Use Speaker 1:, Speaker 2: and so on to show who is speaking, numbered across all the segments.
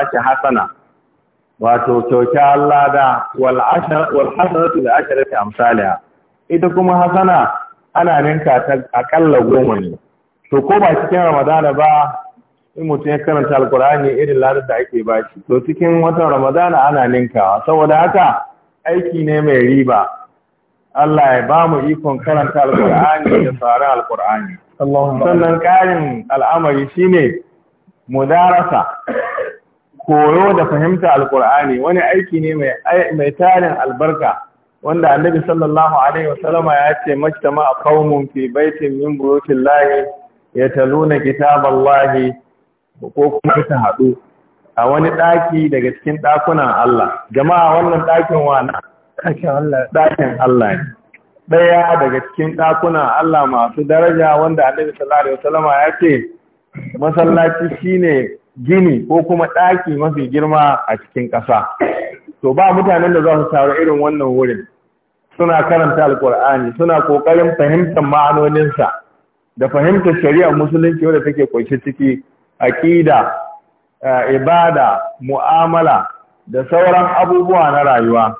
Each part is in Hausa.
Speaker 1: sake hasana wato kyauta Allah da wal hasanatu bi asharati ita kuma hasana ana ninka ta akalla goma ne to ko ba cikin ramadana ba in mutum ya karanta alkur'ani irin ladar da ake ba shi to cikin watan ramadana ana ninkawa saboda haka aiki ne mai riba Allah ya ba mu ikon karanta alkur'ani da tsara alkur'ani sannan karin al'amari shi shine mudarasa koyo da fahimta alkur'ani wani aiki ne mai tarin albarka wanda annabi sallallahu alaihi wasallama ya ce majtama qaumun fi baitin min buyutillahi yataluna kitaballahi ko kuma ta hadu a wani daki daga cikin dakunan Allah jama'a wannan dakin wani dakin Allah dakin Allah ne daya daga cikin dakunan Allah masu daraja wanda annabi sallallahu alaihi wasallama ya ce masallaci shine gini ko kuma ɗaki mafi girma a cikin ƙasa to ba mutanen da za su taru irin wannan wurin suna karanta alkur'ani suna ƙoƙarin fahimtar ma'anoninsa da fahimtar shari'ar musulunci wadda take ƙunshe ciki aƙida eh, ibada mu'amala da sauran abubuwa na rayuwa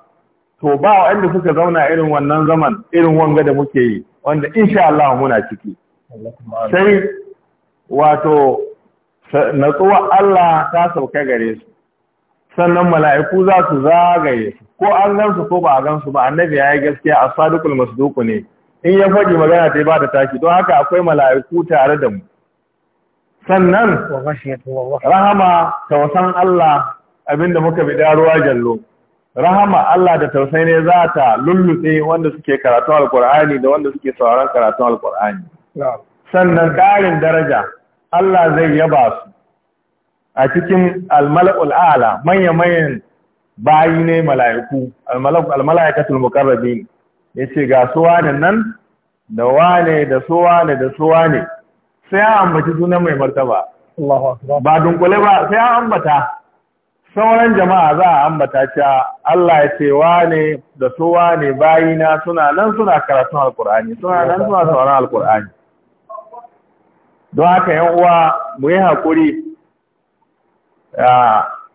Speaker 1: to ba waɗanda suka zauna irin wannan zaman irin wanga da muke yi wanda insha Allah muna ciki sai wato natsuwa Allah ta sauka gare su sannan mala'iku za su zagaye su ko an gansu ko ba a gansu ba annabi ya yi gaskiya a sadukul Masuduku ne in ya faɗi magana ta ba da taki don haka akwai mala'iku tare da mu sannan rahama tausan Allah abinda muka bi ruwa jallo rahama Allah da tausai ne za ta lullutse wanda suke karatun Alƙur'ani da wanda suke sauran karatun alkur'ani sannan ƙarin daraja Allah zai yaba su a cikin almala'ul ala manya-manyan bayi ne mala'iku almala'ikatul Ya yace ga suwa ne nan da wane da suwa ne da suwa ne sai an ambaci sunan mai martaba ba dunkule ba sai an ambata sauran jama'a za a ambata cewa Allah ya ce wane da suwa ne bayina suna nan suna karatun alkur'ani suna nan suna sauran alkur'ani don haka yan uwa mu yi haƙuri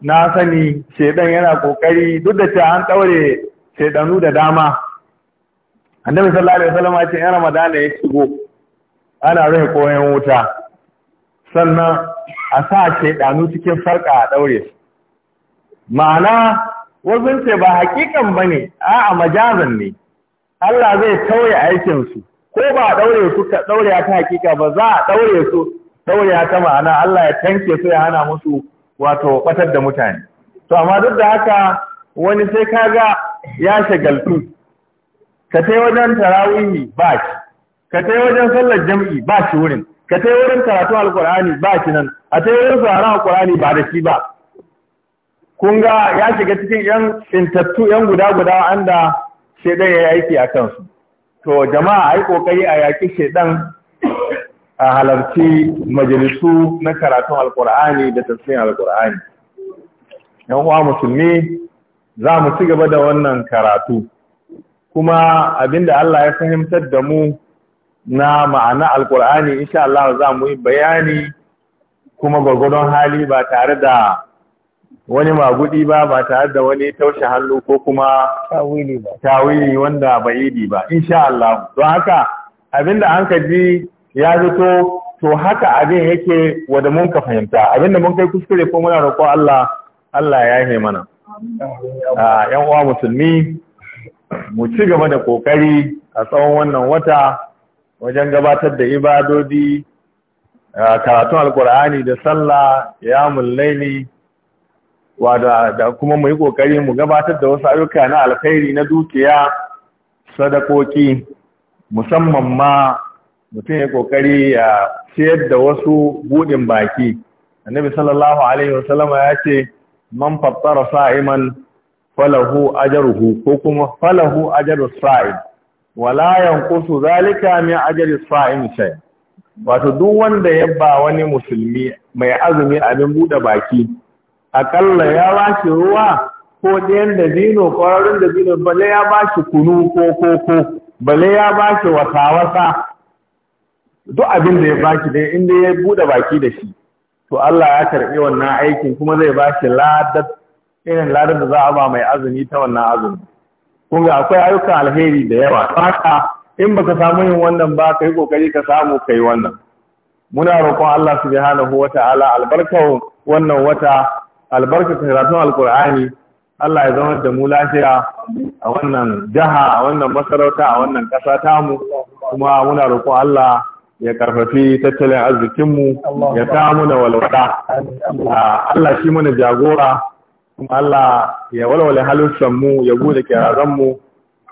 Speaker 1: na sani shaidan yana ƙoƙari duk da cewa an ɗaure shaidanu da dama annabi sallallahu alaihi wasallam ce yan ramadana ya shigo ana rufe koyon wuta sannan a sa shaidanu cikin farka a ɗaure su ma'ana wajen ce ba hakikan bane a'a majazan ne Allah zai tauye aikinsu ko ba a ɗaure su ka ɗaure ta hakika ba za a ɗaure su ɗaure ta ma'ana Allah ya tanke su ya hana musu wato batar da mutane to amma duk da haka wani sai ka ga ya shagaltu ka tai wajen tarawihi ba shi ka tai wajen sallar jam'i ba shi wurin ka tai wurin karatu alkur'ani ba shi nan a tai wurin sauraron alkur'ani ba da shi ba kun ga ya shiga cikin yan tsintattu yan guda guda anda shaidan ya yi aiki a kansu to jama'a ai kokari a yaki shedan a halarci majalisu na karatun alkur'ani da tafsirin alkur'ani yan uwa musulmi za mu ci gaba da wannan karatu kuma abinda Allah ya fahimtar da mu na ma'ana alkur'ani insha Allah za mu yi bayani kuma gwargwadon hali ba tare da wani magudi ba ba tare da wani taushe hannu ko kuma tawili wanda ba idi ba insha Allah don haka abinda an ka ji ya zato to haka abin yake wanda mun ka fahimta abinda mun kai kuskure ko muna roƙo Allah Allah ya yi mana a ah, yan uwa musulmi mu ci gaba da kokari a tsawon wannan wata wajen gabatar da ibadodi ah, karatun alkur'ani da sallah ya mullaili wada da kuma mu yi kokari mu gabatar da wasu ayyuka na alkhairi na dukiya sadakoki musamman ma mutum ya kokari ya ciyar da wasu budin baki annabi sallallahu alaihi wasallam ya ce man fattara sa'iman falahu ajruhu ko kuma falahu ajru sa'im wala yanqusu zalika min ajri sa'im shay wato duk wanda ya ba wani musulmi mai azumi abin bude baki akalla ya ba shi ruwa ko ɗayan da zino ƙwararrun da zino bale ya ba shi kunu ko koko bale ya ba shi wasa-wasa duk abin da ya ba shi dai inda ya buɗe baki da shi to Allah ya karɓi wannan aikin kuma zai ba shi ladar irin ladar da za a ba mai azumi ta wannan azumi kun ga akwai ayyukan alheri da yawa haka in baka samu yin wannan ba kai kokari ka samu kai wannan muna roƙon Allah subhanahu wata'ala albarkar wannan wata albarkar karatun alkur'ani Allah ya zama da mu lafiya a wannan jiha, a wannan masarauta a wannan ƙasa mu, kuma muna roƙo Allah ya karfafi tattalin arzikinmu ya ta muna walwada Allah shi muna jagora kuma Allah ya walwale mu ya bude mu,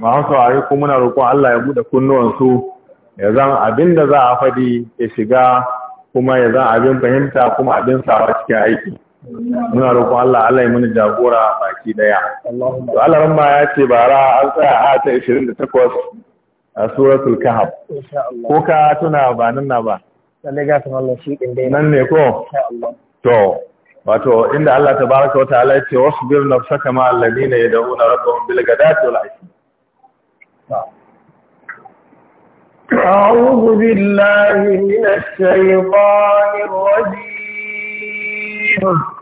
Speaker 1: ma hausa a kuma muna roƙo Allah ya bude kunnuwansu ya zan abin da za a faɗi ya shiga kuma ya zan abin fahimta kuma abin sawa cikin aiki
Speaker 2: muna
Speaker 1: roƙon Allah Allah ya mana jagora baki daya to Allah ramma ya ce bara an tsaya a ta 28 a suratul kahf ko ka tuna ba nan na ba
Speaker 3: Sai ga san Allah shi din dai nan ne ko
Speaker 1: to wato inda Allah tabaraka wa ta'ala yace wasbir nafsaka ma alladhina yad'una rabbahum bil ghadati wal ashi أعوذ بالله من
Speaker 3: الشيطان الرجيم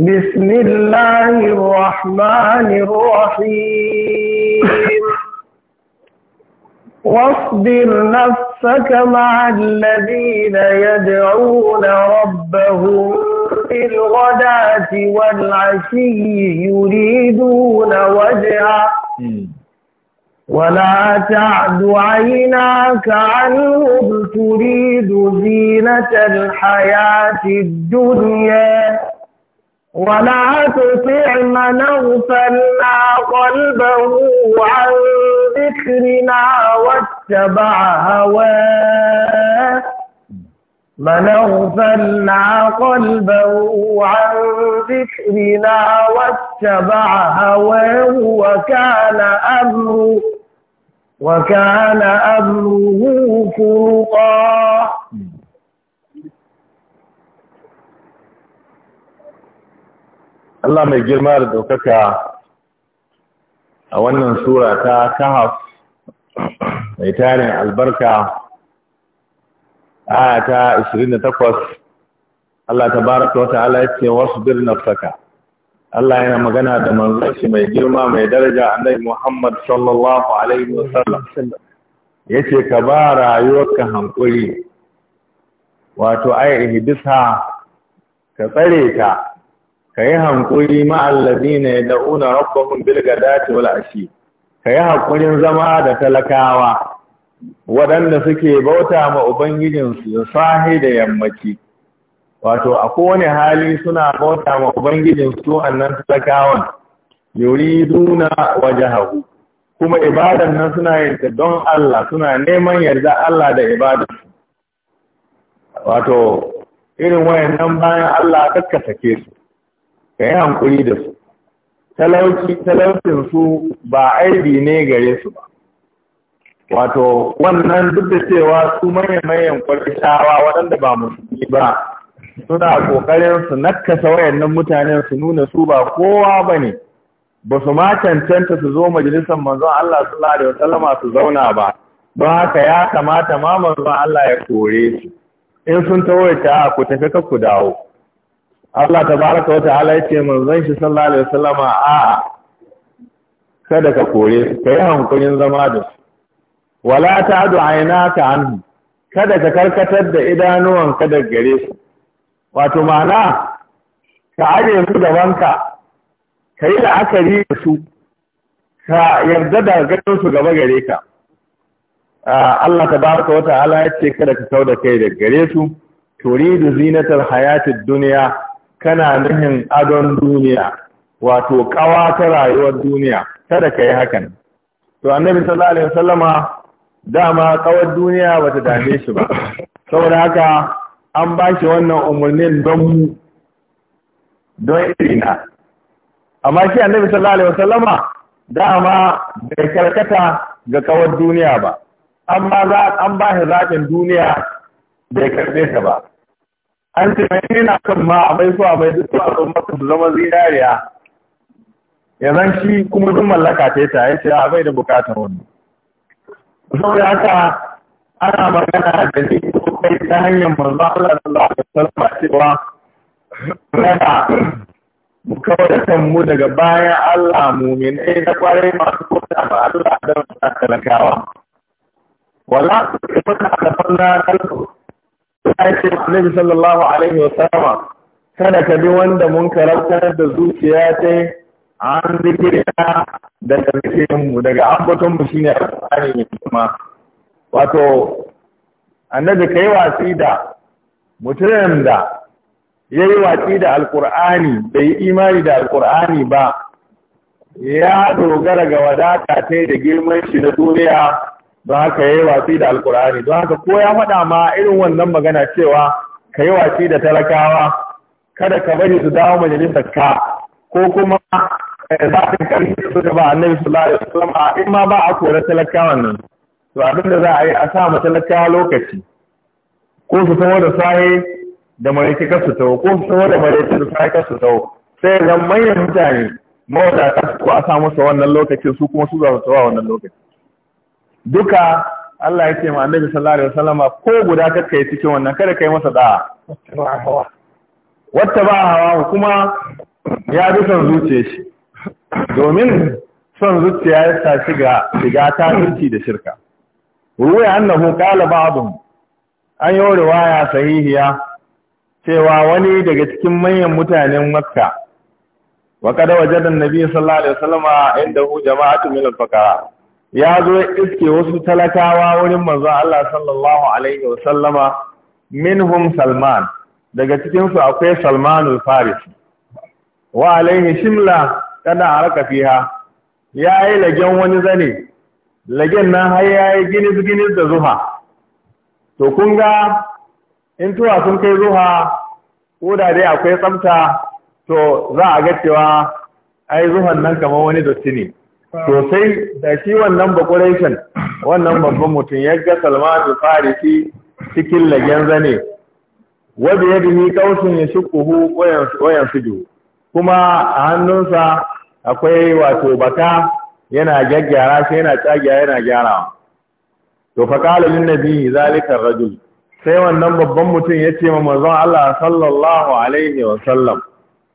Speaker 3: بسم الله الرحمن الرحيم واصبر نفسك مع الذين يدعون ربهم بالغداة والعشي يريدون وجهه ولا تعد عيناك عنهم تريد زينة الحياة الدنيا ولا تطع من اغفلنا قلبه عن ذكرنا واتبع هواه من اغفلنا قلبه عن ذكرنا واتبع هواه وكان امره وكان امره فرقا
Speaker 1: Allah mai girma da ɗaukaka a wannan sura ta kahaf mai tarin albarka aya ta 28 Allah ta baraka wata Allah ya ce wasu bir nafsaka Allah yana magana da manzanci mai girma mai daraja annabi Muhammad sallallahu alaihi wasallam ce ka ba rayuwarka hankuri wato ai ihdisa ka tsare ta ka yi hankuri ma'allazi ne da una rabbahun bilgadati wala ashi ka yi haƙurin zama da talakawa waɗanda suke bauta ma ubangijinsu da sahi da yammaci wato a kowane hali suna bauta ma ubangijinsu annan talakawan waje wajahahu kuma ibadan nan suna yin ta don Allah suna neman yarda Allah da ibadansu wato irin wayannan bayan Allah kakkasake su ka yi hankuri da su talaucinsu ba aibi ne gare su ba wato wannan duk da cewa su mayan manyan kwarishawa waɗanda ba musulmi ba suna ƙoƙarin su nakasa wayannan mutanen su nuna su ba kowa ba ne ba su ma cancanta su zo majalisar manzon Allah sallallahu alaihi wasallama su zauna ba don haka ya kamata ma manzon Allah ya kore su in sun tawaita ku tafi ka ku dawo Allah tabaraka wa ta'ala yace manzan shi sallallahu alaihi wasallama a kada ka kore su kai hankulin zama da su wala aina ka hannu. kada ka karkatar da ka da gare su wato ma'ana ka aje su gabanka ka yi la'akari da su ka yarda da ganin su gaba gare ka Allah tabaraka wa ta'ala yace kada ka kauda kai da gare su Turi da zinatar hayatun duniya kana nufin adon duniya wato kawa ta rayuwar duniya kada ka yi hakan to annabi sallallahu alaihi wasallama dama kawar duniya bata dame shi ba saboda haka an ba shi wannan umarnin don mu don irina amma shi annabi sallallahu alaihi wasallama dama bai karkata ga kawar duniya ba amma za an ba shi zaɓin duniya bai karɓe ta ba an ce mai nuna kan ma a bai zuwa bai duk a zama su zama zinariya ya zan shi kuma duk mallaka ta ta ya ce a bai da bukatar wani saboda haka ana magana da ko kai ta hanyar manzo Allah sallallahu alaihi wasallam cewa kada mu kawar da mu daga bayan Allah mu'minai na kwarai masu kota ba Allah da talakawa wala ta fara da fanna kalko ake nabi sallallahu alaihi wasallama kada ka bi wanda mun karantar da zuciya ta an zikirta da karfin mu daga ambaton mu shine alƙur'ani ne kuma wato annabi kai watsi da mutumin da ya yi watsi da alƙur'ani bai yi imani da alƙur'ani ba ya dogara ga wadata ta da girman shi na duniya don haka ya yi watsi da alkur'ani don haka ko ya faɗa ma irin wannan magana cewa ka yi watsi da talakawa kada ka bari su dawo majalisar ka ko kuma za eh, zafin karfi da suka ba annabi sallallahu alaihi wasallam a in ma ba a kore talakawan nan to abin da za a yi a sa ma talakawa lokaci ko su tawo da sahi da maraice ka su tawo ko su tawo da maraice da sahi ka su tawo sai zan manyan mutane mawadata su ko a sa musu wannan lokacin su kuma su za su tawo wannan lokacin duka Allah ya ce ma annabi sallallahu alaihi wasallama ko guda kakka yi cikin wannan kada kai masa
Speaker 3: da'a
Speaker 1: wata ba hawa kuma ya bi son zuciya shi domin son zuciya ya sa shiga shiga kafirci da shirka ruwaya annahu qala ba'dhum an yi riwaya sahihiya cewa wani daga cikin manyan mutanen Makka wa kada wajadan nabi sallallahu alaihi wasallama hu jama'atu min al fakara ya zo iske wasu talakawa wurin manzon Allah sallallahu alaihi wasallama minhum Salman daga cikin su akwai Salmanul Faris" wa alaihi shimla kana harka fiha Ya yayi lagen wani zane lagen nan har yi ginis ginis da zuha to kun ga in tuwa sun kai zuha ko da dai akwai tsafta to za a ga cewa ai zuhan nan kamar wani dotti ne Sosai, da shi wannan bakurashin wannan babban mutum ya ga salmanu farisi cikin lagen zane wadda ya ni kausin ya kuhu wayan sujo kuma a hannunsa akwai wato baka yana gyaggyara shi yana tsagiya yana gyara to fa qala lin nabi zalika rajul sai wannan babban mutum ya ce ma manzon Allah sallallahu alaihi wa sallam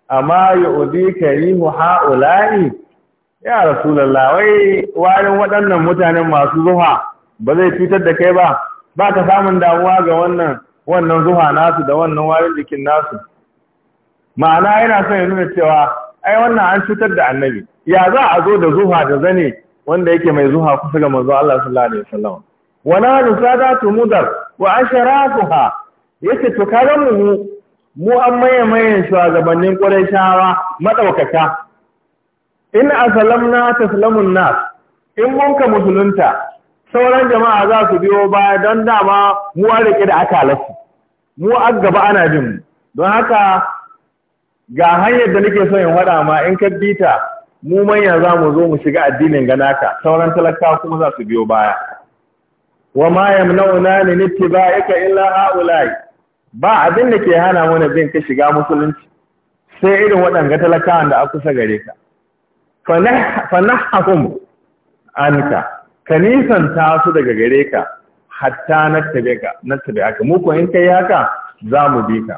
Speaker 1: amma yu'dika rihu ha'ula'i ya rasulullah wai warin waɗannan mutanen masu zuha ba zai cutar da kai ba ba ka samun damuwa ga wannan wannan zuha nasu da wannan warin jikin nasu ma'ana yana son ya nuna cewa ai wannan an cutar da annabi ya za a zo da zuha da zane wanda yake mai zuha kusa ga manzo Allah sallallahu alaihi wasallam wala rusadatu mudar wa asharatuha yace to mu mu an maye mayen shugabannin Qurayshawa madaukaka in aslamna taslamun nas in munka musulunta sauran jama'a za su biyo baya don dama mu a rike da akalarsu mu a gaba ana jin mu don haka ga hanyar da nake so in waɗa ma in ka bita mu manya za mu zo mu shiga addinin ganaka sauran talaka kuma za su biyo baya wa ma yamna'una min ittiba'ika illa ha'ula'i ba abin da ke hana mana bin ka shiga musulunci sai irin waɗanga talakawan da a kusa gare ka fanahahum anka Kanisan ta su daga gare ka hatta na tabi ka mu ko in kai haka za mu bi ka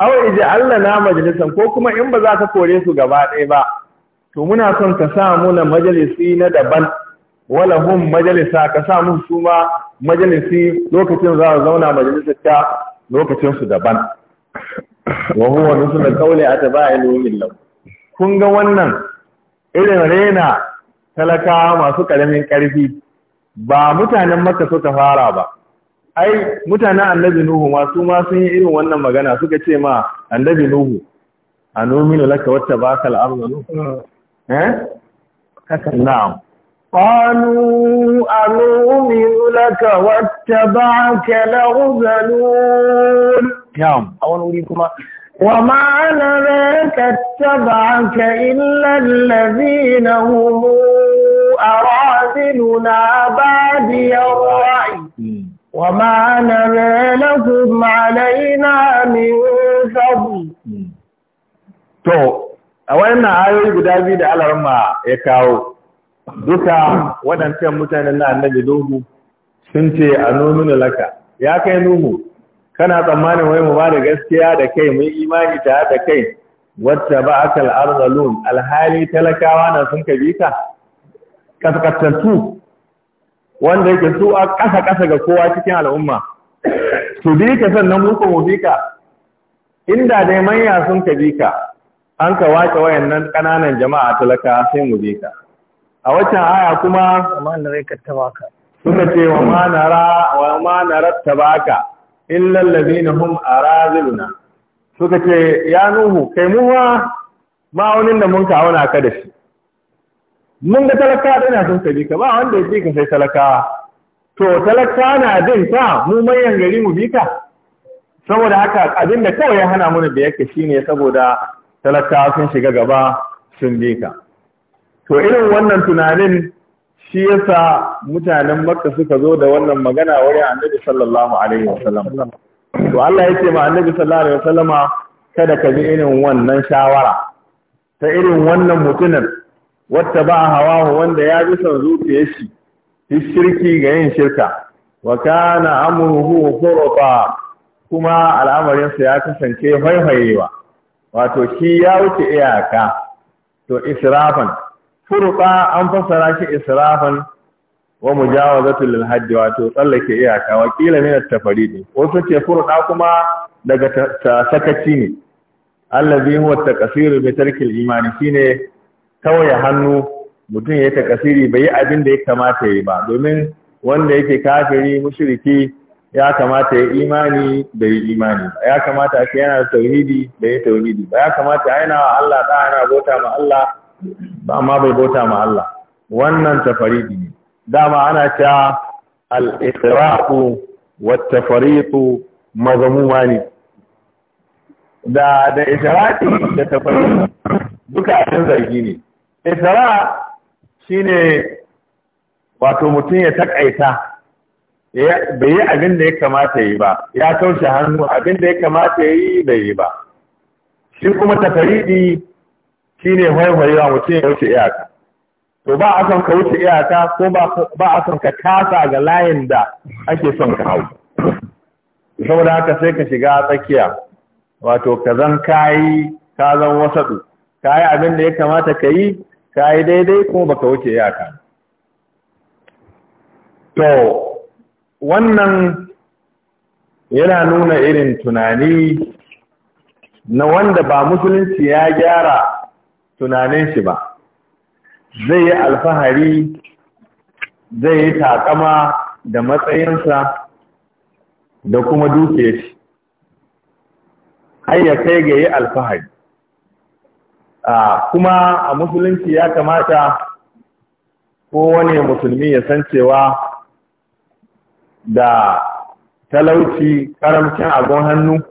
Speaker 1: aw ija Allah na majalisan ko kuma in ba za ka kore su gaba ɗaya ba to muna son ka sa muna majalisi na daban wala hum majalisa ka sa mun su ma majalisi lokacin za su zauna majalisar ta lokacin su daban wa huwa nusul qawli atba'il min law kun ga wannan irin rena talakawa masu ƙaramin ƙarfi ba mutanen maka suka fara ba ai mutanen annabi nuhu masu masu ma sun yi irin wannan magana suka ce ma annabi nuhu a nominu laka wata ba ka al'arzu nuhu eh na'am
Speaker 3: قالوا أنؤمن لك واتبعك a wani wuri kuma وما ذاك اتبعك إلا الذين هم أرادلنا بادي الرأي وما نرى لهم علينا من فضل
Speaker 1: to a wannan ayoyi guda biyu da alarma ya kawo duka waɗancan mutanen na annabi nuhu sun ce a nominu laka ya kai nuhu kana tsammanin wai mu bada gaskiya da kai mu yi imani ta da kai wacce ba akal arzalun alhali talakawa na sun kabi ka kaskattattu wanda yake su a kasa-kasa ga kowa cikin al'umma su bi ka sannan muku mu bi ka inda dai manya sun kabi ka an ka wace wayannan ƙananan jama'a talaka sai mu bi ka a waccan aya kuma suka ce wa ma nara wa ma naratta baka illal ladina hum araziluna suka ce ya nuhu kai muwa ma'aunin da mun kawo ka da shi mun ga talaka dana sun ka bi ka ba wanda ya ka sai talakawa to talaka na din ta mu manyan gari mu bi ka saboda haka abin da kawai ya hana mana da yake shine saboda talakawa sun shiga gaba sun bi ka to irin wannan tunanin shi yasa mutanen makka suka zo da wannan magana wurin annabi sallallahu alaihi wasallam to Allah yake ma annabi sallallahu alaihi kada ka bi irin wannan shawara ta irin wannan mutumin wata ba hawa wanda ya bi son zuciyar shi shirki ga yin shirka wa kana amruhu furqa kuma al'amarinsa ya kasance haihayewa wato shi ya wuce iyaka to israfan furqa an fassara shi israfan wa mujawazatu lil hajj wato tsallake iyaka wa kila min at-tafarid wasu ce furuɗa kuma daga sakaci ne allazi huwa at bi tarkil imani shine kawai hannu mutum ya takasiri bai abin da ya kamata yi ba domin wanda yake kafiri mushriki ya kamata ya imani da yi imani ya kamata a yana da tauhidi da ya tauhidi ba ya kamata ya yana wa Allah da yana bauta ma Allah amma bai bauta ma Allah wannan tafaridi ne dama ana ta al iqrau wat-tafariqu mazmumani ne da da isra'i da tafariqu duka cikin zargi ne isra shine wato mutum ya takaita bai yi abin da ya kamata yi ba ya taushe hannu abin da ya kamata yi bai yi ba shi kuma tafaridi Shi ne haihuwa mutum ya wuce iyaka to ba a son ka wuce iyaka ko ba a son ka kasa ga layin da ake son ka hau saboda haka sai ka shiga tsakiya wato ka zan kayi ka zan wasaɗu ka yi abin da ya kamata ka yi ka yi daidai ko ba ka wuce iyaka to wannan yana nuna irin tunani na wanda ba musulunci ya gyara tunanin shi ba zai yi alfahari zai yi takama da matsayinsa da kuma duke shi ya kai ga yi alfahari a kuma a musulunci ya kamata kowane musulmi ya san cewa da talauci karamcin agon hannu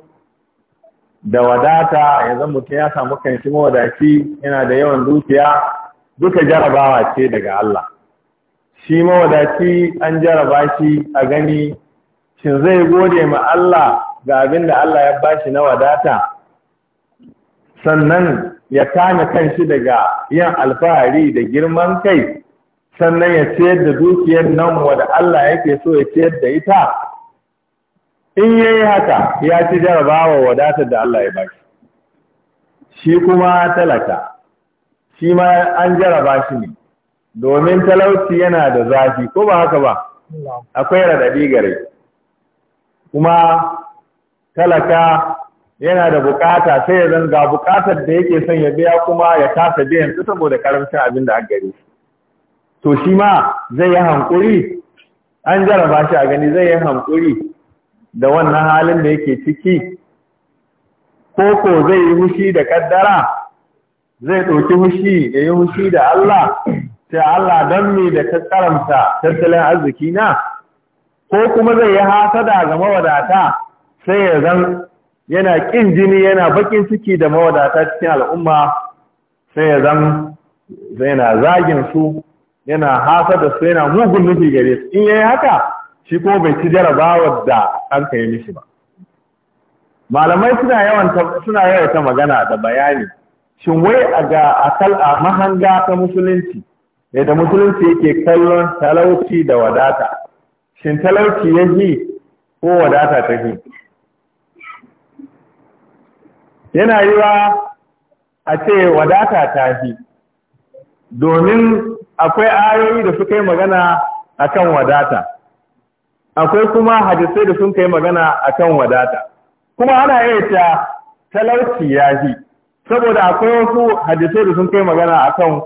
Speaker 1: da wadata yanzu mutum ya samu kanshi mawadaci yana da yawan dukiya duka jarabawa ce daga Allah shi mawadaci an jaraba shi a gani shin zai gode ma Allah ga abin da Allah ya bashi na wadata sannan ya kame kanshi daga yin alfahari da girman kai sannan ya ciyar da dukiyar nan wada Allah yake so ya ciyar da ita in ya yi haka ya ci jarabawa wadatar da Allah ya baki shi kuma talaka shi ma an jaraba shi ne domin talauci yana da zafi ko ba haka ba akwai raɗaɗi gare kuma talaka yana da bukata sai ya zanga bukatar da yake son ya biya kuma ya kasa biyan su saboda karamcin abin da an gare to shi ma zai yi hankuri an jaraba shi a gani zai yi hankuri da wannan halin da yake ciki koko zai yi mushi da kaddara zai ɗauki mushi da yi mushi da Allah sai Allah don me da ta karanta tattalin arziki na ko kuma zai yi hasada ga mawadata sai ya zan yana ƙin jini yana bakin ciki da mawadata cikin al'umma sai ya zan yana zagin su yana hasada su yana mugun nufi gare su in yayi haka shi ko bai ci jarabawar da an ya mishi ba malamai suna yawan suna ta magana da bayani shin wai a ga akal a mahanga ta musulunci da musulunci yake kallon talauci da wadata shin talauci ya ji ko wadata ta ji yana yi a ce wadata ta ji domin akwai ayoyi da suka yi magana akan wadata akwai kuma hadisai da sun kai magana akan wadata kuma ana iya ta talauci ya fi saboda akwai wasu hadisai da sun kai magana akan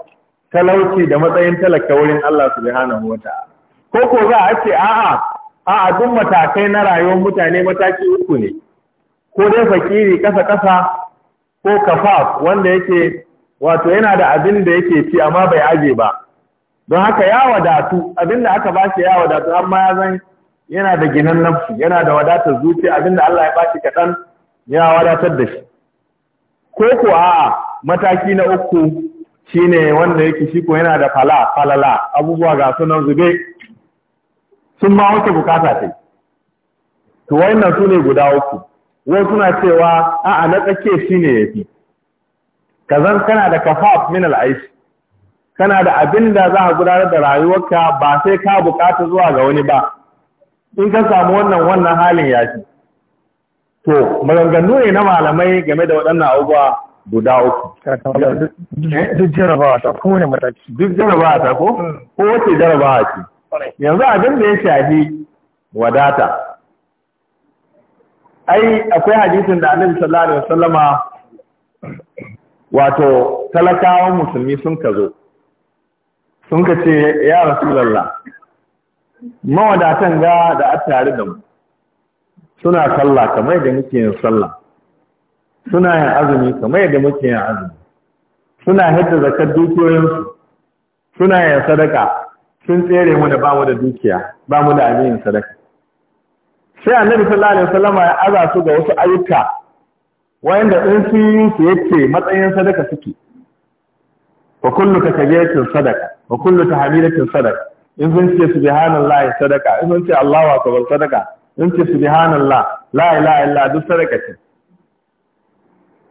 Speaker 1: talauci da matsayin talaka wurin Allah subhanahu wata'ala ko ko za a ce a'a a'a duk matakai na rayuwar mutane mataki uku ne ko dai fakiri kasa kasa ko kafaf wanda yake wato yana da abin da yake ci amma bai aje ba don haka ya wadatu abin da aka bashi ya wadatu amma ya zan yana da ginin nafsu yana da wadatar zuciya, abinda Allah ya baki kaɗan ya wadatar da shi ko ko a'a mataki na uku shine wanda yake shi ko yana da fala falala abubuwa ga sunan zube sun ma wata bukata ta to wayannan su ne guda uku wai suna cewa a'a na tsake shine yafi kazan kana da kafaf min al'aish kana da abinda za a gudanar da rayuwarka ba sai ka bukata zuwa ga wani ba in ka samu wannan wannan halin ya to maganganu ne na malamai game da waɗannan abubuwa guda uku duk jarabawa ta ko ne mataki duk jarabawa ta ko ko wace jarabawa
Speaker 2: ce yanzu abin da ya shafi
Speaker 1: wadata ai akwai hadisin da annabi sallallahu alaihi wasallama wato talakawan musulmi sun ka zo sun ka ce ya rasulullah mawadatan ga da a tare da mu suna sallah kamar da muke yin sallah suna yin azumi kamar da muke yin azumi suna hidda zakar dukiyoyinsu suna yin sadaka sun tsere mu da bamu da dukiya bamu da abin sadaka sai annabi sallallahu alaihi wasallama ya aza su ga wasu ayyuka wanda in sun yi su yake matsayin sadaka suke wa kullu takabiratin sadaka wa kullu tahmidatin sadaka in sun ce subhanallah sadaka in sun ce Allahu akbar sadaka in ce subhanallah la ilaha illa duk sadaka ce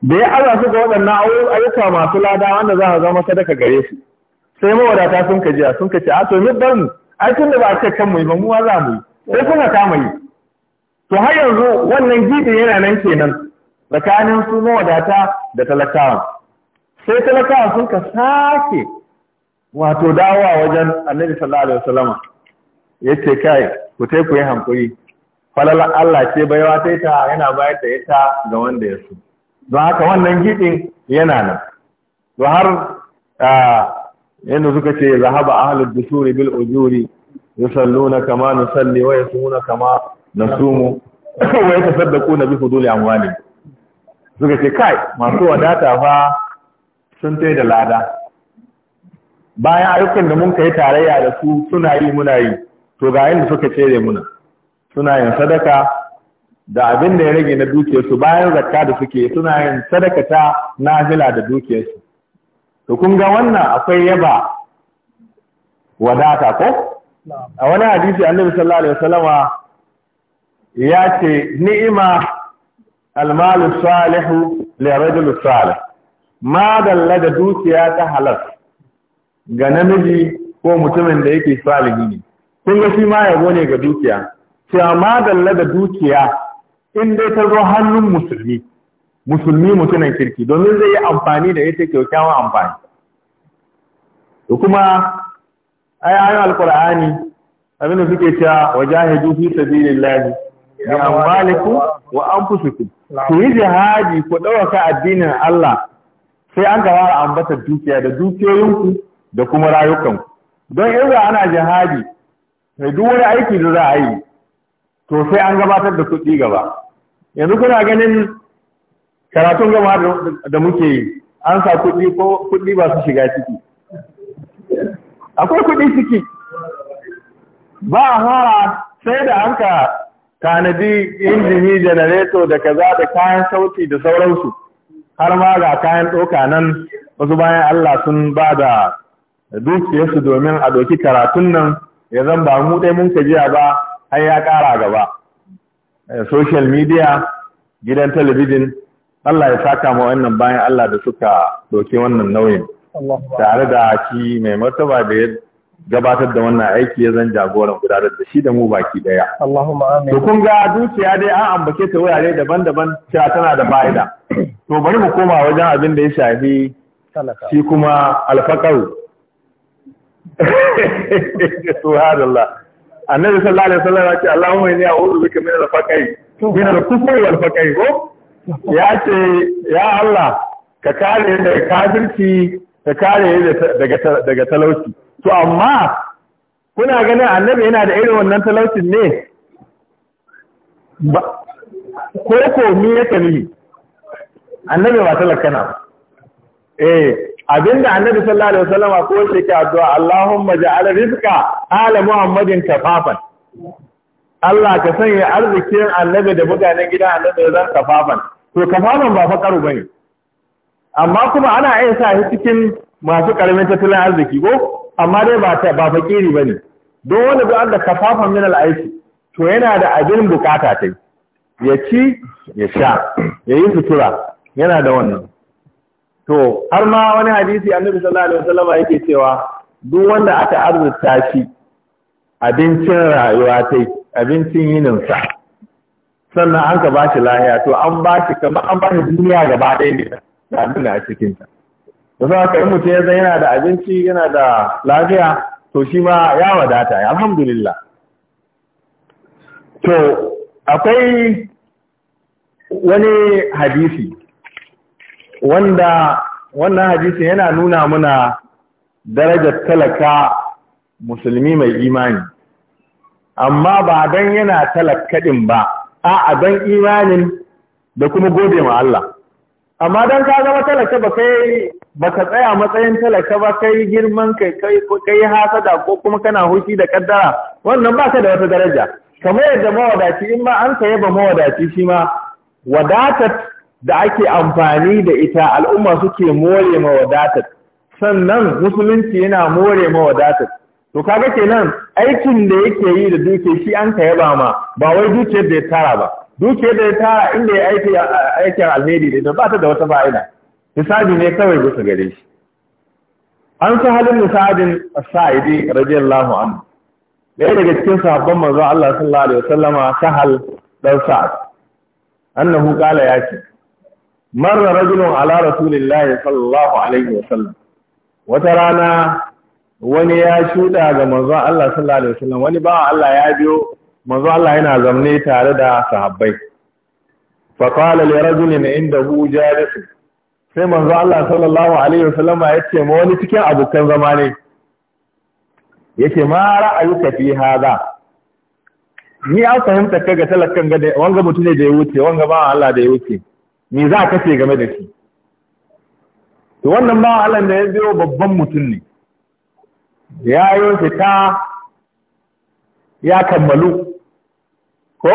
Speaker 1: da ya aza suka ga ayyuka masu lada wanda za a zama sadaka gare su sai mawadata sun ka jiya sun ka ce a to yi bar mu ai tun da ba a ce kan mu yi ba mu za mu yi sai ka kama yi to har yanzu wannan gidi yana nan kenan tsakanin su mawadata da talakawa sai talakawa sun ka sake wato dawowa wajen annabi sallallahu alaihi wasallam yace kai ku tai ku yi hankuri falalan Allah ce baiwa sai ta yana bayar da ita ga wanda ya so don haka wannan gidin yana nan to har yanda suka ce zahaba ahlud dusuri bil ujuri yusalluna kama nusalli wa yasumuna kama nasumu wa yatasaddaquna bi fuduli amwali suka ce kai masu wadata fa sun tai da lada bayan ayyukan da mun kai tarayya da su suna yi muna yi to ga yanda suka cere muna suna yin sadaka da abin da ya rage na dukiyarsu bayan zakka da suke suna yin sadaka ta nafila da dukiyarsu to kun ga wannan akwai yaba wadata ko a wani hadisi annabi sallallahu alaihi wasallama ya ce ni'ima almalu salihu li rajul salih ma dalla da dukiya ta halal ga namiji ko mutumin da yake salihi ne kun ga shi ma yabo ne ga dukiya amma dalla da dukiya in dai ta zo hannun musulmi musulmi mutumin kirki domin zai yi amfani da ita kyakkyawan amfani to kuma ayoyin alkur'ani abin da suke cewa wajahidu fi sabilillahi bi amwalikum wa anfusikum ku yi jihadi ku dauka addinin Allah sai an gawa ambatar dukiya da dukiyoyinku da kuma rayukanku don in ana jihadi mai duk wani aiki da za a yi to sai an gabatar da kuɗi gaba yanzu kuna ganin karatun gama da muke yi an sa kuɗi ko kuɗi ba su shiga ciki akwai kuɗi ciki ba a fara sai da an ka tanadi injini janareto da kaza da kayan sauti da sauransu har ma ga kayan ɗauka nan wasu bayan Allah sun ba da dukiyarsu domin a ɗauki karatun nan ya zan ba mu ɗai mun kajiya ba har ya ƙara gaba eh, social media gidan talabijin Allah ya saka ma wannan bayan Allah da suka ɗauki wannan nauyin tare da shi mai martaba da ya gabatar da wannan aiki ya zan jagoran gudanar da shi da mu baki daya. Allahumma amin. To kun ga dukiya dai an ambace ta wurare daban-daban cewa tana da fa'ida. To bari mu koma wajen abin da ya shafi
Speaker 2: shi kuma alfakaru.
Speaker 1: subhanallah annabi sallallahu alaihi ya Allahumma inni ko ya ya Allah ka kare ni daga ka kare ni daga talauci to amma kuna ganin annabi yana da irin wannan talaucin ne ko ko ya annabi ba talaka na eh Abin da annabi sallallahu alaihi wasallam ko yake addu'a Allahumma ja'al rizqa ala Muhammadin kafafan Allah ka sanya arzikin annabi da mutanen gidan annabi zan kafafan to kafafan ba fa karu bane amma kuma ana iya sa shi cikin masu karamin tattalin arziki ko amma dai ba ba fakiri bane don wani ga da kafafan min aisi to yana da abin bukata tai ya ci ya sha ya yi sutura yana da wannan to har ma wani hadisi annabi sallallahu alaihi wasallam yake cewa duk wanda aka arzuta shi abincin rayuwa ta abincin yininsa sannan an ka ba shi lahiya to an shi kama an shi duniya gaba ɗaya ne da abin a cikin ta da sa ka yi mutum ya zai yana da abinci yana da lafiya to shi ma ya wadata ya alhamdulillah to akwai wani hadisi wanda wannan hadisin yana nuna muna darajar talaka musulmi mai imani amma ba don yana talakaɗin ba a don imanin da kuma gode ma Allah amma don ka zama talaka ba kai ba ka tsaya matsayin talaka ba kai girman kai kai hasada ko kuma kana hushi da kaddara wannan ba ka da wata daraja kamar yadda mawadaci in ma an saye ba mawadaci shi ma wadatar da ake amfani da ita al'umma suke more ma wadatar sannan musulunci yana more ma wadatar to kaga kenan aikin da yake yi da duke shi an ka yaba ma ba wai duke da ya tara ba duke da ya tara inda ya aiki aikin alheri da ba ta da wata fa'ida hisabi ne kawai ga gare shi an sa halin musadin sa'idi radiyallahu anhu da daga cikin sahabban manzo Allah sallallahu alaihi wasallama sahal dan sa'ad annahu qala ya marar rajulun ala rasulillahi sallallahu alaihi wasallam wata rana wani ya shuda ga manzon Allah sallallahu alaihi wasallam wani ba Allah ya biyo manzon Allah yana zamne tare da sahabbai fa qala li rajulin indahu jalis sai manzon Allah sallallahu alaihi wasallam ya ce ma wani cikin abokan zama ne yake ma ra'ayuka fi hada ni a fahimta kaga talakan ga wanga mutune da ya wuce wanga ba Allah da ya wuce me za ka ce game da shi to wannan ba Allah da ya biyo babban mutum ne ya yi fita ya kammalu ko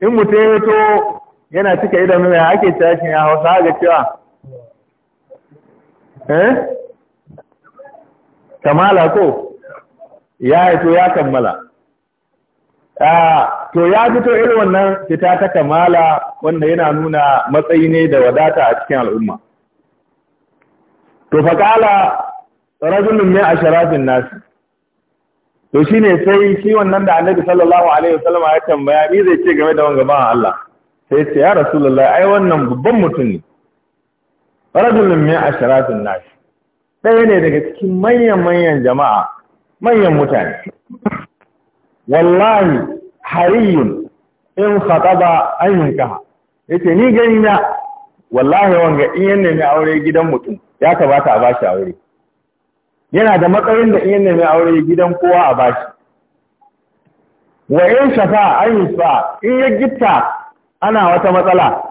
Speaker 1: in mutum ya to yana cika idan mai ake tashin ya hausa ga cewa eh kamala ko ya yi to ya kammala Ah, to ya fito irin wannan fita ta kamala wanda yana nuna matsayi ne da wadata a cikin al'umma to faƙala rajulun mai a sharafin nasu to shi ne sai shi wannan da annabi sallallahu alaihi wasallam ya tambaya ni zai ce game da wanga ba Allah sai ce ya rasulullahi ai wannan babban mutum ne rajulun mai asharafin nasu ɗaya ne daga cikin manyan manyan jama'a manyan mutane wallahi hariyun in khataba an yankaha yace ni gani na wallahi wanga in yanne mai aure gidan mutum ya kamata a bashi aure yana da matsayin da in yanne mai aure gidan kowa a bashi wa in shafa an yusfa in ya gitta ana wata matsala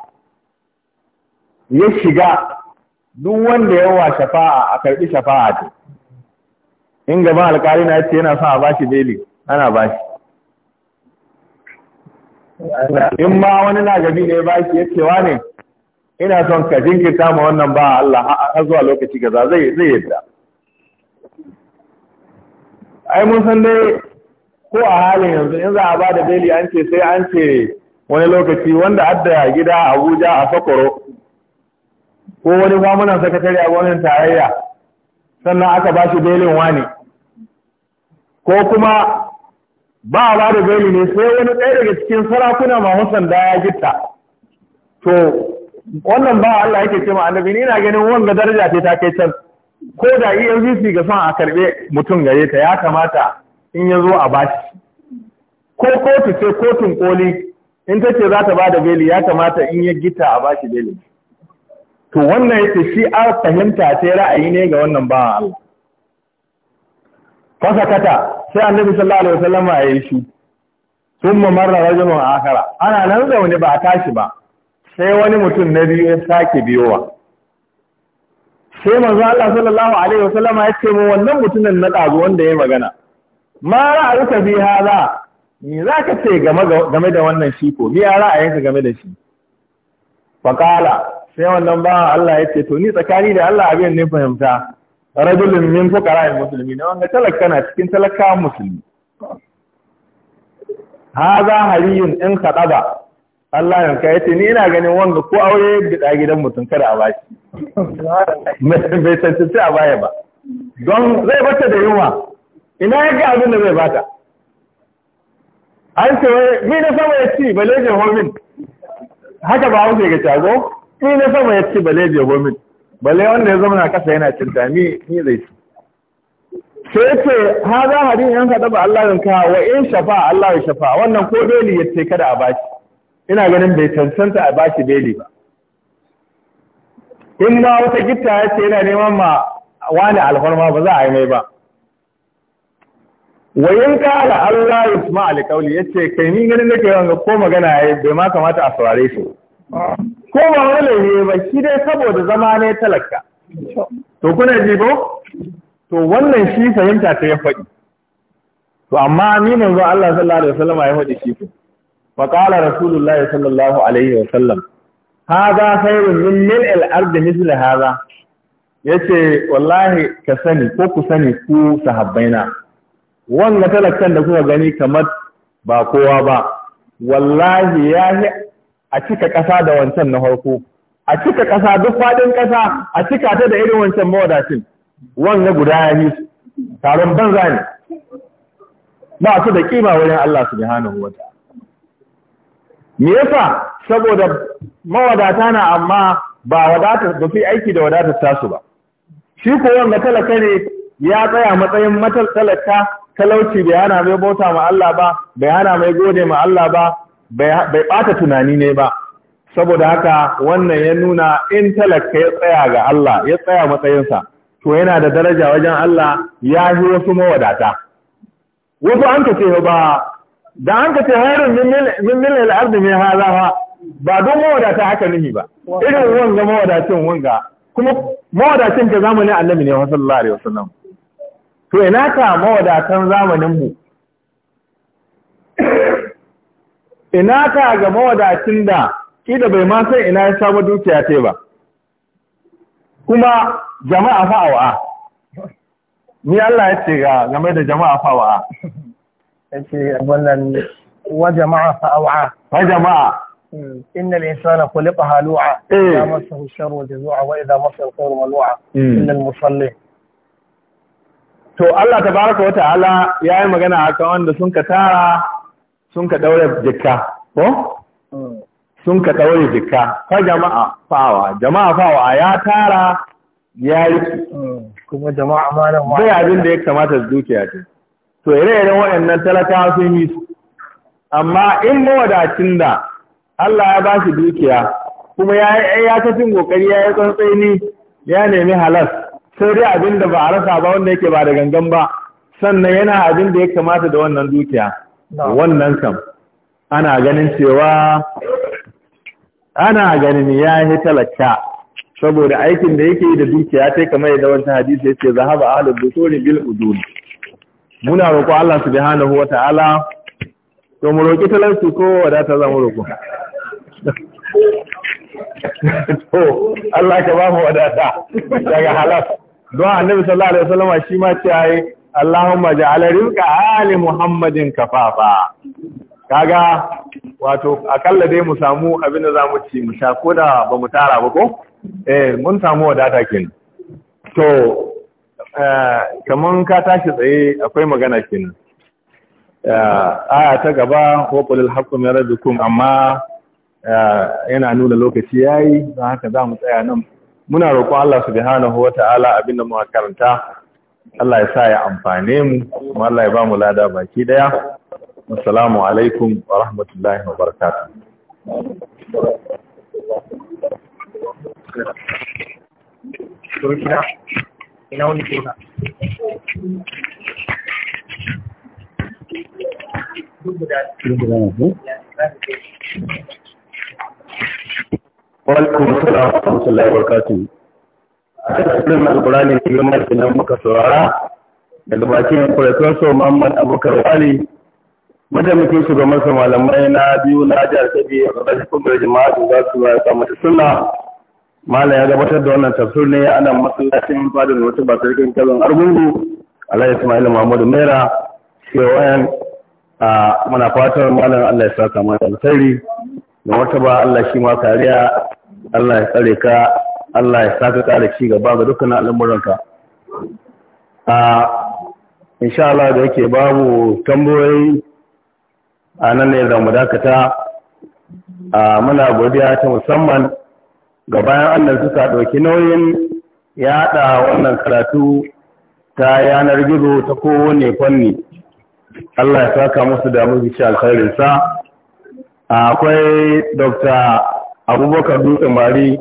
Speaker 1: ya shiga duk wanda ya wa shafa'a a karbi shafa'a ce in gaban alƙali na ce yana son a bashi beli ana bashi in ma wani na gabi ne ba shi yake wa ne ina son ka jinkirta ma wannan ba Allah har zuwa lokaci gaza zai zai yadda ai mun san dai ko a halin yanzu in za a ba da beli an ce sai an ce wani lokaci wanda adda gida Abuja a sakwaro ko wani kwamunan sakatare a gwamnatin tarayya sannan aka ba shi belin wani ko kuma ba ba da gani ne sai wani ɗaya daga cikin sarakuna masu da ya gitta to wannan ba Allah yake ce ma annabi na ganin wanga daraja ce ta kai can ko da EFCC ga son a karbe mutum gare ta ya kamata in ya zo a bashi ko kotu ce kotun koli in ta ce za ta ba da beli ya kamata in ya gita a bashi beli to wannan yake shi a fahimta ce ra'ayi ne ga wannan ba Allah fasakata sai annabi sallallahu alaihi wasallam ya yi shi sun mamarra rajulun akara ana nan da wani ba a tashi ba sai wani mutum na biyu ya sake biyowa sai manzo Allah sallallahu alaihi wasallam ya ce mu wannan mutumin na dazu wanda ya magana ma ra'ayuka bi hada ni zaka ce game da wannan shi ko ni ra'ayinka game da shi faqala sai wannan ba Allah ya ce to ni tsakani da Allah abin ne fahimta rajulun min fuqara musulmi ne wanga talaka na cikin talaka musulmi haza hariyin in kadaba Allah ya kai ce ni ina ganin wanga ko aure bida gidan mutum kada a bashi bai sanci a baya ba don zai bata da yunwa ina ya ga abin da zai bata an ce wai mi na sama ya ci bale je homin haka ba hausa ga shago mi na sama ya ci bale je homin balle wanda ya zama na kasa yana cinta ni ni zai ci sai ce ha za hadin yan kada ba Allah yanka wa in shafa Allah ya shafa wannan ko beli ce kada a bashi ina ganin bai cancanta a bashi beli ba in ma wata gitta ya ce yana neman ma wani alfarma ba za a yi mai ba Wa in kala Allah ya suma alƙawli yace kai ni ganin nake yawan ko magana yayi bai ma kamata a saurare shi ko ba wale ne ba shi dai saboda zama ne talaka to kuna ji ko to wannan shi fahimta ta ya faɗi to amma aminin zuwa Allah sallallahu alaihi wasallam ya faɗi shi ko fa qala rasulullahi sallallahu alaihi wasallam hada khairun min mil'il ardi mithl hada yace wallahi ka sani ko ku sani ku sahabbaina Wannan talakan da kuka gani kamar ba kowa ba wallahi ya a cika ƙasa da wancan na harko a cika ƙasa duk faɗin ƙasa a cika ta da irin wancan mawadacin wanda guda ya yi taron banza ne ba su da ƙima wurin Allah subhanahu wa wata. me yasa saboda mawadata na amma ba wadata ba fi aiki da wadatar tasu ba shi ko wanda talaka ne ya tsaya matsayin matal talaka talauci bai hana mai bauta ma Allah ba bai hana mai gode ma Allah ba bai ɓata tunani ne ba saboda haka wannan ya nuna in talaka ya tsaya ga Allah ya tsaya matsayinsa to yana da daraja wajen Allah ya yi wasu mawadata wasu an ka ce ba da an ka ce harin min mil al'ardi mai haza ba ba don mawadata haka nihi ba irin wanga mawadacin wanga kuma mawadacin ka zamanin annabi ne wa sallallahu wasu nan. to ina ka mawadatan zamaninmu? ina ka ga mawadacin da kida bai ma san ina ya samu dukiya ce ba kuma jama'a fa'awa ni Allah ya ce ga game da jama'a fa'awa yace wannan wa jama'a fa'awa wa jama'a
Speaker 3: hmm. innal
Speaker 1: insana khuliqa halu'a eh. idza massahu الشر jazua wa idza الخير khairu malu'a المصلي musallin to Allah وتعالى wa ta'ala yayi magana akan wanda sun ka tara sun ka ɗaure jikka ko sun ka ɗaure jikka fa jama'a fawa jama'a fawa ya tara ya yi kuma jama'a malam bai abin da ya kamata su dukiya ce to ire-iren waɗannan talakawa sun yi su amma in mawadacin da Allah ya ba shi dukiya kuma ya yi ta cin kokari ya yi tsantsaini ya nemi halas sai dai abin da ba a rasa ba wanda yake ba da gangan ba sannan yana abin da ya kamata da wannan dukiya wannan kam ana ganin cewa ana ganin ya yi talaka saboda aikin da yake yi da dukiya ta kamar yadda wancan hadisi haɓa zahaba da dusuri bil udul muna roƙo Allah subhanahu wata'ala to mu roƙi talansu ko wadata za mu roƙo to Allah ka ba mu wadata daga halas. don annabi sallallahu alaihi wasallam shi ma ce ai Allahumma ja'ala rizqa ali Muhammadin kafafa kaga wato akalla dai mu samu abin da zamu ci mu sha ko da mu tara ba ko eh mun samu wadata kin to kamar eh, kaman ka tashi tsaye akwai magana kin eh, aya ta gaba wa qulil haqqu min rabbikum amma eh, yana nuna lokaci yayi don haka zamu tsaya nan muna roƙon Allah subhanahu wataala da mu karanta Allah ya sa ya amfane mu kuma Allah ya ba mu lada baki daya assalamu alaikum wa rahmatullahi wa barakatu. Wa alaikum wa rahmatullahi wa a kan tsirin alkurani ne girma kenan muka saurara daga bakin professor muhammad abubakar wali mataimakin shugaban sa malamai na biyu na jihar kebbi a ƙarƙashin kungar jama'a za su ba ta suna malam ya gabatar da wannan tafsir ne ana masallacin fadin wata ba sarkin kazan argungu alhaji ismail muhammadu Naira, cewayan a muna fatan malam allah ya saka mata alkhairi da wata ba allah shi ma kariya allah ya tsare ka Allah ya saka ka da ci gaba ga dukkan al'amuranka a insha Allah da yake babu tambayoyi a nan ne zamu dakata a muna godiya ta musamman ga bayan Allah suka ɗauki nauyin Ya yaɗa wannan karatu ta yanar gizo ta kowane fanni Allah ya saka musu da musu ci alkhairinsa akwai Dr. Abubakar Dutse Mari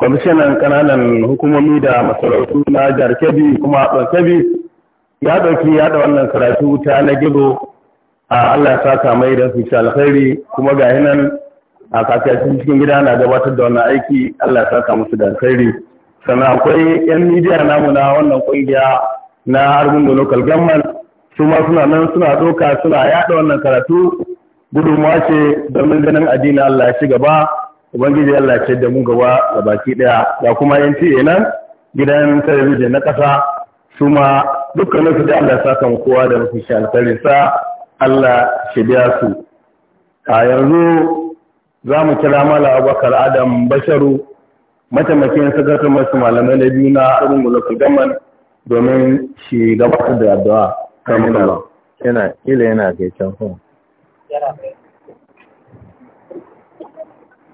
Speaker 1: kwamishinan kananan hukumomi da masarautu na jihar kebbi kuma a kebbi ya ɗauki yaɗa wannan karatu ta na gizo a allah ya saka da su alkhairi kuma ga nan a kakashin cikin gida na gabatar da wannan aiki allah ya kama su da alkhairi sannan akwai yan midiya namu na wannan kungiya na harbin da local government su ma suna nan suna doka suna yaɗa wannan karatu gudunmawa ce domin ganin addinin allah ya ci gaba ubangiji Allah ce da mu gaba ga baki daya ga kuma NTA nan gidan talabijin na ƙasa su ma dukkanin su da Allah ya kan kowa da mafi shi alkhairin sa Allah shi biya su a yanzu za mu kira mala abubakar adam basharu mataimakin sakatar masu malamai na biyu na arin mulkul gaman domin shi gabatar da addu'a kan yana ila yana kuma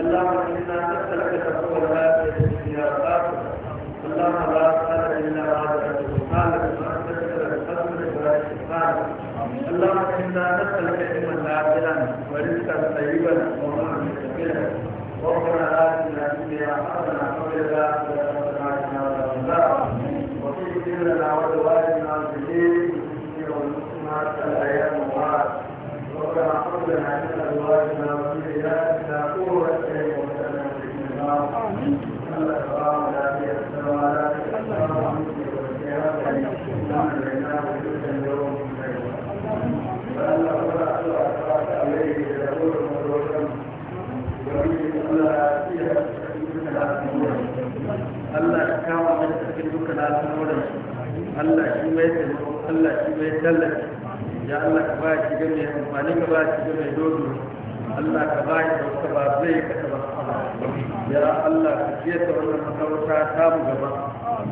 Speaker 2: اللهم إنا نسألك تقول هذه الزيارات اللهم لا سهل إلا هذا سبحانك وأنتك الفضل والإحسان اللهم إنا نسألك علما نافعا ورزقا طيبا ومعنا كبيرا واغفر bai taimakon Allah shi tallafi ya Allah ka ba shi mai amfani ka shi mai dodo Allah ka ba shi wata ba zai kasa ba ya Allah ka kiyata wannan makarauta ta mu gaba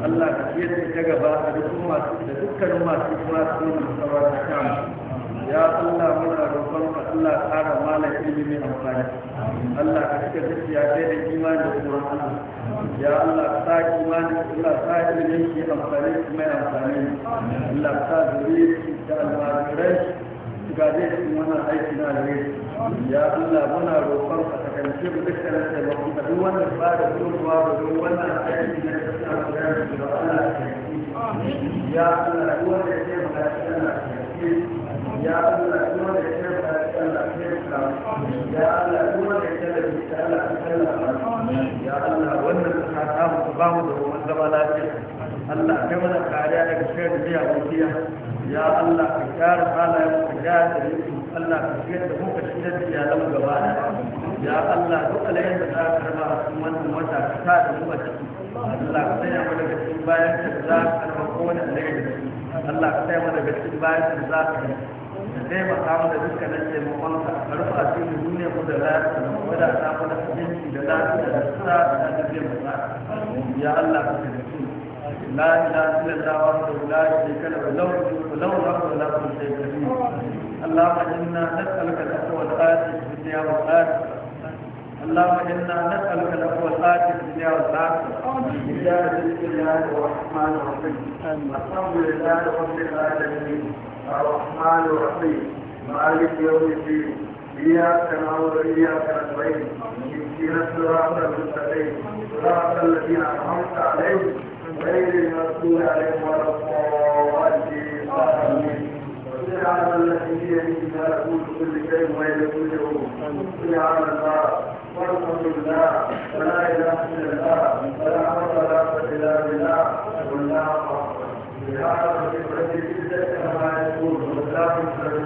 Speaker 2: Allah ka kiyata ta gaba a masu da dukkanin masu kuma su ne makarauta ta mu ya Allah muna roƙon ka Allah ƙara malam ilimin amfani Allah ka cika zuciya daidai imani da tsoron Allah ya Allah sa imani Allah sa ilimin shi amfani shi mai amfani Allah sa zuriyar shi da almajirai shi ga zai cikin wannan aiki na da ya Allah muna roƙon ka takance mu dukkan taimako da duk wanda ba da gudunmuwa da duk wannan aiki na da ta gudanar da Allah ya Allah duk wanda ya taimaka shi Allah ya Allah duk wanda ya taimaka shi Allah ya Allah duk wanda ya taimaka shi Allah ya Allah wannan samu ba mu da domin zama lafiya Allah kai mana kariya daga shirin biya mutiya ya Allah ka gyara halayen ka gyara da rikin Allah ka shigar da muka shigar da ya iyalan gaba ya Allah duk alayin da za ka raba a cikin wannan wata ka sa da mu a ciki Allah ka sanya mu daga cikin bayan ka za ka karɓa kowane alayin da Allah ka sanya mana daga cikin bayan ka za ka yi da zai ba samu da duka na ce mamanta a rufa a cikin duniya ko da za a samu wadda a samu da kujinci da lafiya da sa da za a zai ya Allah ka ta mutu la ila illa la wa la ilaha illa ka la law la la la la ka ta mutu Allah ka inna nas'aluka taqwa wa ta'ati fi dunya wa akhirah اللهم انا نسالك الاقوى الاتي في الدنيا والاخره. بسم الله الرحمن الرحيم. الحمد لله رب العالمين. الرحمن الرحيم مالك يوم الدين إياك نعبد وإياك نستعين اهدنا الصراط المستقيم صراط الذين أنعمت عليهم غير المغضوب عليهم ولا الضالين آمين سبحان الذي بيده ملكوت كل شيء ويلك له سبحان الله والحمد لله ولا اله الا الله ولا حول ولا قوه الا بالله ولا قوة إلا بالله
Speaker 3: الله